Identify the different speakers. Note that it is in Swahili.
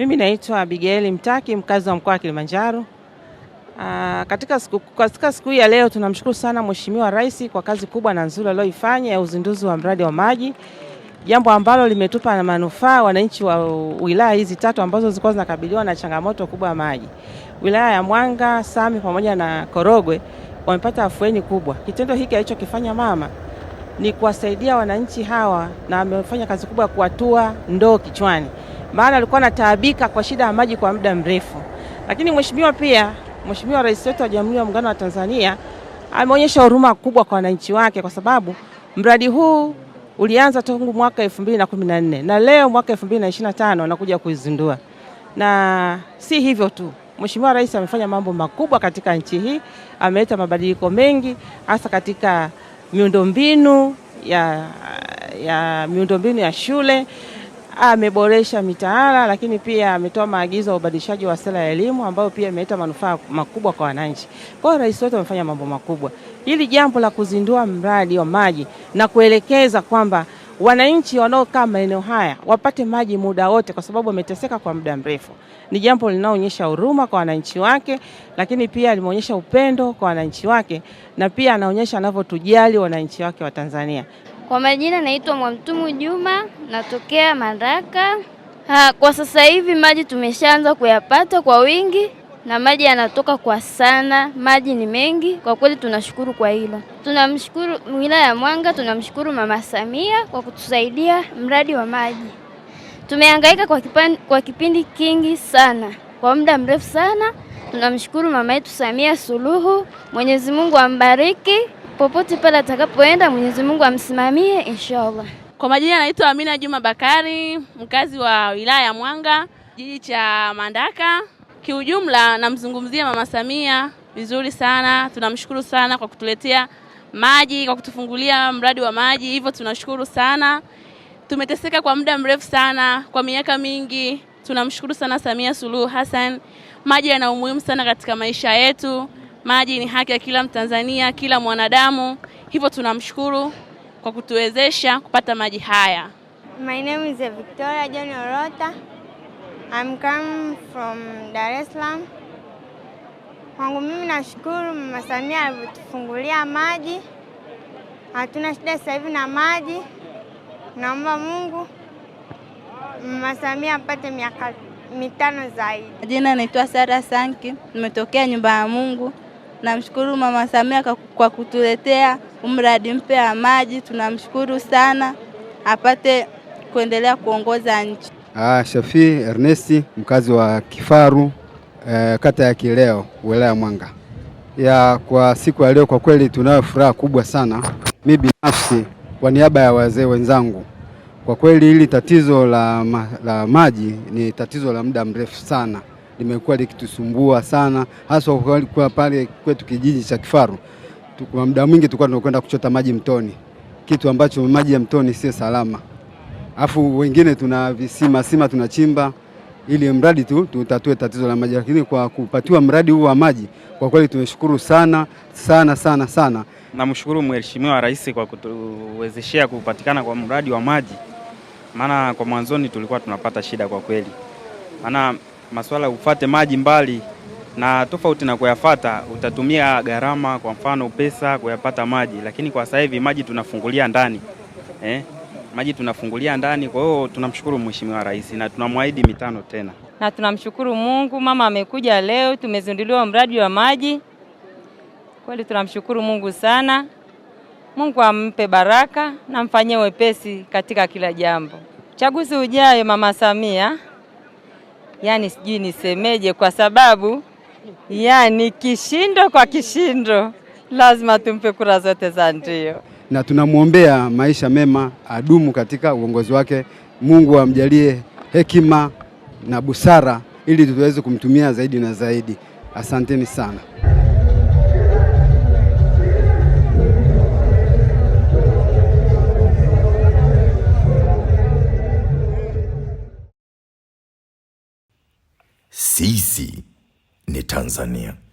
Speaker 1: Mimi naitwa Abigail Mtaki, mkazi wa mkoa wa Kilimanjaro. Aa, ah, katika siku katika siku ya leo tunamshukuru sana Mheshimiwa Rais kwa kazi kubwa na nzuri aliyoifanya ya uzinduzi wa mradi wa maji, jambo ambalo limetupa na manufaa wananchi wa wilaya hizi tatu ambazo zilikuwa zinakabiliwa na changamoto kubwa ya maji. Wilaya ya Mwanga, Same pamoja na Korogwe wamepata afueni kubwa. Kitendo hiki alichokifanya mama ni kuwasaidia wananchi hawa na amefanya kazi kubwa ya kuwatua ndoo kichwani maana alikuwa anataabika kwa shida ya maji kwa muda mrefu. Lakini mheshimiwa, pia Mheshimiwa Rais wetu wa Jamhuri ya Muungano wa Tanzania ameonyesha huruma kubwa kwa wananchi wake, kwa sababu mradi huu ulianza tangu mwaka 2014 na leo mwaka 2025 anakuja kuizindua. Na si hivyo tu, Mheshimiwa Rais amefanya mambo makubwa katika nchi hii, ameleta mabadiliko mengi hasa katika miundombinu ya, ya miundombinu ya shule ameboresha mitaala, lakini pia ametoa maagizo ya ubadilishaji wa sera ya elimu ambayo pia imeleta manufaa makubwa kwa wananchi. Kwa hiyo rais wetu amefanya mambo makubwa. Hili jambo la kuzindua mradi wa maji na kuelekeza kwamba wananchi wanaokaa maeneo haya wapate maji muda wote, kwa sababu wameteseka kwa muda mrefu, ni jambo linaloonyesha huruma kwa wananchi wake, lakini pia limeonyesha upendo kwa wananchi wake, na pia anaonyesha anavyotujali wananchi wake wa Tanzania.
Speaker 2: Kwa majina naitwa Mwamtumu Juma, natokea Mandaka. Ha, kwa sasa hivi maji tumeshaanza kuyapata kwa wingi na maji yanatoka kwa sana, maji ni mengi kwa kweli, tunashukuru kwa hilo. Tunamshukuru wilaya ya Mwanga, tunamshukuru Mama Samia kwa kutusaidia mradi wa maji. Tumehangaika kwa, kwa kipindi kingi sana, kwa muda mrefu sana. Tunamshukuru mama yetu Samia Suluhu, Mwenyezi Mungu ambariki popote pale atakapoenda Mwenyezi Mungu amsimamie inshallah.
Speaker 3: Kwa majina anaitwa Amina Juma Bakari, mkazi wa wilaya ya Mwanga, jiji cha Mandaka. Kiujumla namzungumzia Mama Samia vizuri sana, tunamshukuru sana kwa kutuletea maji, kwa kutufungulia mradi wa maji, hivyo tunashukuru sana. Tumeteseka kwa muda mrefu sana, kwa miaka mingi. Tunamshukuru sana Samia Suluhu Hassan. Maji yana umuhimu sana katika maisha yetu. Maji ni haki ya kila Mtanzania, kila mwanadamu, hivyo tunamshukuru kwa kutuwezesha kupata maji haya.
Speaker 4: My name is Victoria John Orota. I'm come from Dar es Salaam. Kwangu mimi nashukuru Mama Samia alivyotufungulia maji, hatuna shida sasa hivi na maji. Naomba Mungu Mama Samia apate miaka mitano zaidi.
Speaker 5: Jina naitwa Sara Sanki, nimetokea nyumba ya Mungu. Namshukuru Mama Samia kwa kutuletea mradi mpya wa maji, tunamshukuru sana, apate kuendelea kuongoza nchi.
Speaker 6: Ah, Shafi Ernesti mkazi wa Kifaru eh, kata ya Kileo wilaya Mwanga ya kwa siku ya leo, kwa kweli tunayo furaha kubwa sana. Mi binafsi kwa niaba ya wazee wenzangu, kwa kweli hili tatizo la, ma, la maji ni tatizo la muda mrefu sana limekuwa likitusumbua sana, hasa kwa pale kwetu kijiji cha Kifaru. Kwa muda mwingi tulikuwa tunakwenda kuchota maji mtoni, kitu ambacho maji ya mtoni sio salama, afu wengine tuna visima sima tunachimba ili mradi tu tutatue tatizo la maji, lakini kwa kupatiwa mradi huu wa maji kwa kweli tumeshukuru sana sana sana sana.
Speaker 7: Namshukuru Mheshimiwa Rais kwa kutuwezeshea kupatikana kwa mradi wa maji, maana kwa mwanzoni tulikuwa tunapata shida kwa kweli, maana masuala ufate maji mbali na tofauti na kuyafata utatumia gharama, kwa mfano pesa kuyapata maji, lakini kwa sasa hivi maji tunafungulia ndani eh? maji tunafungulia ndani. Kwa hiyo tunamshukuru Mheshimiwa Rais na tunamwahidi mitano tena,
Speaker 8: na tunamshukuru Mungu mama amekuja leo, tumezinduliwa mradi wa maji. Kweli tunamshukuru Mungu sana. Mungu ampe baraka na mfanyie wepesi katika kila jambo. Chaguzi ujayo mama Samia yani sijui nisemeje, kwa sababu yani kishindo kwa kishindo lazima tumpe kura zote za ndio,
Speaker 9: na tunamwombea maisha mema, adumu katika uongozi wake. Mungu amjalie wa hekima na busara, ili tuweze kumtumia zaidi na zaidi. Asanteni sana.
Speaker 10: Sisi ni Tanzania.